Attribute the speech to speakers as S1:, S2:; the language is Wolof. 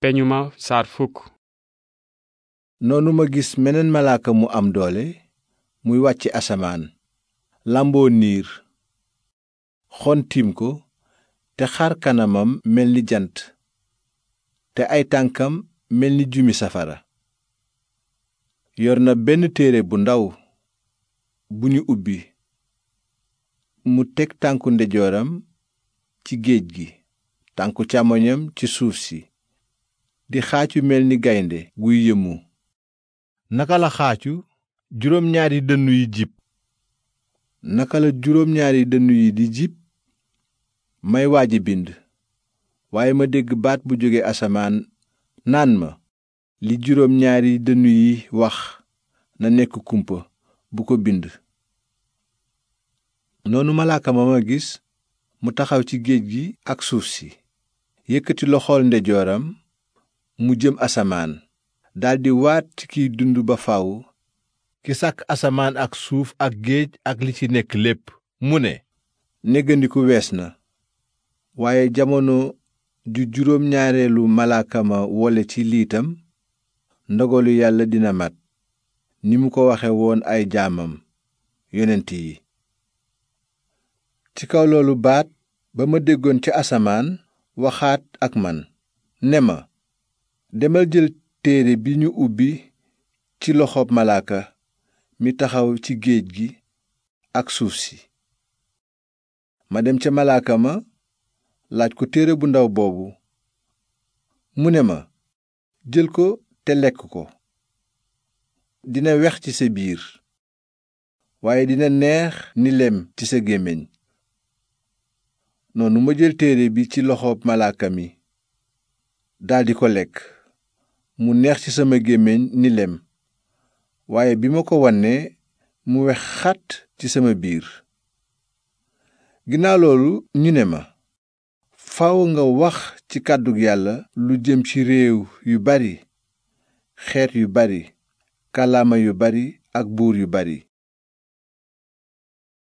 S1: peñu ma saar noonu ma gis meneen malaaka mu am doole muy wàcc asamaan làmboo niir xontim ko te xar kanamam mel ni jant te ay tànkam mel ni jumi safara yor na benn téere bu ndaw bu ñu ubbi mu teg tànku ndejooram ci géej gi tànku càmmoñam ci suuf si di xaacu mel ni gaynde guy yëmu naka la xaacu juróom ñaari dënn yi jib naka la juróom ñaari dënn yi di jib may waaj a bind waaye ma dégg baat bu jóge asamaan naan ma li juróom ñaari dënn yi wax na nekk kumpa bu ko bind noonu malaaka ma ma gis mu taxaw ci géej gi ak suuf si yëkkati loxol ndejooram mu jëm asamaan daldi waat ci kiy dund ba faw ki sàkk asamaan ak suuf ak géej ak li ci nekk lépp mu ne néggandiku wees na waaye jamono ju juróom ñaareelu malaaka ma wole ci liitam ndogolu yàlla dina mat ni mu ko waxe woon ay jaamam yonent yi ci kaw loolu baat ba ma déggoon ci asamaan waxaat ak man ne ma demal jël téere bi ñu ubbi ci loxoob malaaka mi taxaw ci géej gi ak suuf si ma dem ca malaaka ma laaj ko téere bu ndaw boobu mu ne ma jël ko te lekk ko dina wex ci sa biir waaye dina neex ni lem ci sa gémmiñ noonu ma jël téere bi ci loxoob malaaka mi daldi ko lekk mu neex ci sama gémmiñ ni lem waaye bi ma ko wannee mu wex xat ci sama biir ginnaaw loolu ñu ne ma faw nga wax ci kàddu yàlla lu jëm ci réew yu bari xeet yu bari kàllaama yu bari ak buur yu bari